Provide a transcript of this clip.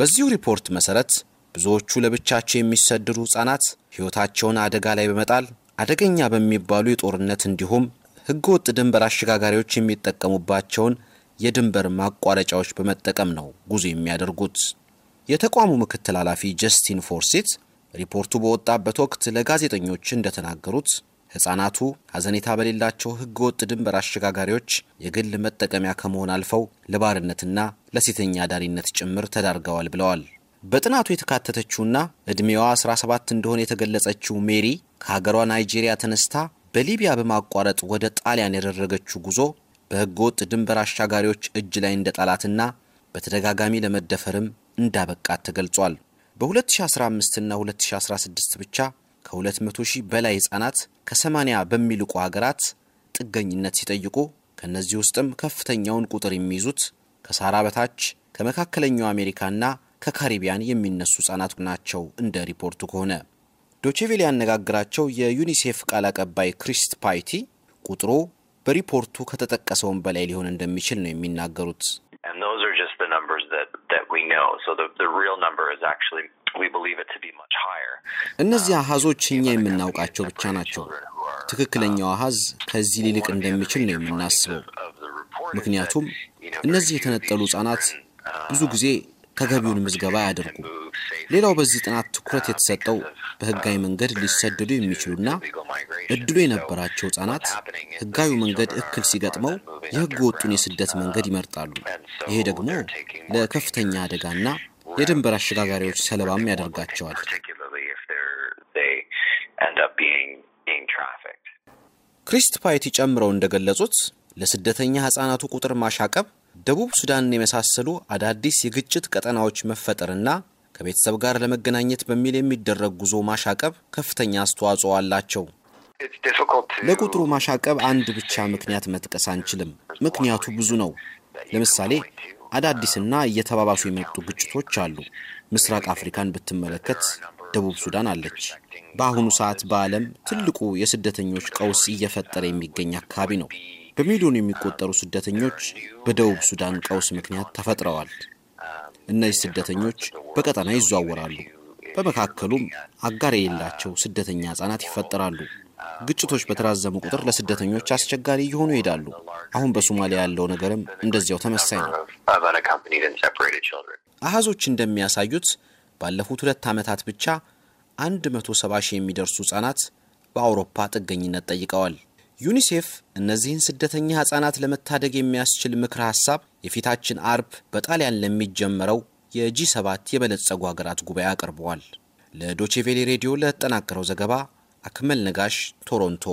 በዚሁ ሪፖርት መሰረት ብዙዎቹ ለብቻቸው የሚሰደዱ ህጻናት ሕይወታቸውን አደጋ ላይ በመጣል አደገኛ በሚባሉ የጦርነት እንዲሁም ህገወጥ ድንበር አሸጋጋሪዎች የሚጠቀሙባቸውን የድንበር ማቋረጫዎች በመጠቀም ነው ጉዞ የሚያደርጉት። የተቋሙ ምክትል ኃላፊ ጀስቲን ፎርሲት ሪፖርቱ በወጣበት ወቅት ለጋዜጠኞች እንደተናገሩት ሕፃናቱ ሀዘኔታ በሌላቸው ህገወጥ ድንበር አሸጋጋሪዎች የግል መጠቀሚያ ከመሆን አልፈው ለባርነትና ለሴተኛ አዳሪነት ጭምር ተዳርገዋል ብለዋል። በጥናቱ የተካተተችውና ዕድሜዋ 17 እንደሆነ የተገለጸችው ሜሪ ከሀገሯ ናይጄሪያ ተነስታ በሊቢያ በማቋረጥ ወደ ጣሊያን ያደረገችው ጉዞ ወጥ ድንበር አሻጋሪዎች እጅ ላይ እንደ ጣላትና በተደጋጋሚ ለመደፈርም እንዳበቃት ተገልጿል። በ2015ና 2016 ብቻ ከ200 ሺህ በላይ ህጻናት ከ80 በሚልቁ ሀገራት ጥገኝነት ሲጠይቁ ከእነዚህ ውስጥም ከፍተኛውን ቁጥር የሚይዙት ከሳራ በታች ከመካከለኛው አሜሪካና ከካሪቢያን የሚነሱ ህጻናቱ ናቸው። እንደ ሪፖርቱ ከሆነ ዶቼቬል ያነጋግራቸው የዩኒሴፍ ቃል አቀባይ ክሪስት ፓይቲ ቁጥሩ በሪፖርቱ ከተጠቀሰውን በላይ ሊሆን እንደሚችል ነው የሚናገሩት። know. So the, the real number is actually we believe it to be much higher. እነዚህ um, አሃዞች እኛ የምናውቃቸው ብቻ ናቸው። uh, ትክክለኛው አሃዝ ከዚህ ሊልቅ እንደሚችል ነው የምናስበው። ምክንያቱም እነዚህ የተነጠሉ ህጻናት uh, ብዙ ጊዜ ተገቢውን ምዝገባ አያደርጉም። ሌላው በዚህ ጥናት ትኩረት የተሰጠው በህጋዊ መንገድ ሊሰደዱ የሚችሉና እድሉ የነበራቸው ህጻናት ህጋዊ መንገድ እክል ሲገጥመው የህገ ወጡን የስደት መንገድ ይመርጣሉ። ይሄ ደግሞ ለከፍተኛ አደጋና የድንበር አሸጋጋሪዎች ሰለባም ያደርጋቸዋል። ክሪስት ፓይቲ ጨምረው እንደገለጹት ለስደተኛ ህጻናቱ ቁጥር ማሻቀብ ደቡብ ሱዳንን የመሳሰሉ አዳዲስ የግጭት ቀጠናዎች መፈጠርና ከቤተሰብ ጋር ለመገናኘት በሚል የሚደረግ ጉዞ ማሻቀብ ከፍተኛ አስተዋጽኦ አላቸው። ለቁጥሩ ማሻቀብ አንድ ብቻ ምክንያት መጥቀስ አንችልም። ምክንያቱ ብዙ ነው። ለምሳሌ አዳዲስና እየተባባሱ የመጡ ግጭቶች አሉ። ምስራቅ አፍሪካን ብትመለከት ደቡብ ሱዳን አለች። በአሁኑ ሰዓት በዓለም ትልቁ የስደተኞች ቀውስ እየፈጠረ የሚገኝ አካባቢ ነው። በሚሊዮን የሚቆጠሩ ስደተኞች በደቡብ ሱዳን ቀውስ ምክንያት ተፈጥረዋል። እነዚህ ስደተኞች በቀጠና ይዘዋወራሉ። በመካከሉም አጋር የሌላቸው ስደተኛ ሕጻናት ይፈጠራሉ። ግጭቶች በተራዘሙ ቁጥር ለስደተኞች አስቸጋሪ እየሆኑ ይሄዳሉ። አሁን በሶማሊያ ያለው ነገርም እንደዚያው ተመሳይ ነው። አሃዞች እንደሚያሳዩት ባለፉት ሁለት ዓመታት ብቻ 170 ሺህ የሚደርሱ ሕጻናት በአውሮፓ ጥገኝነት ጠይቀዋል። ዩኒሴፍ እነዚህን ስደተኛ ሕፃናት ለመታደግ የሚያስችል ምክረ ሐሳብ የፊታችን አርብ በጣሊያን ለሚጀመረው የጂ ሰባት የበለጸጉ ሀገራት ጉባኤ አቅርበዋል። ለዶቼቬሌ ሬዲዮ ለተጠናከረው ዘገባ አክመል ነጋሽ ቶሮንቶ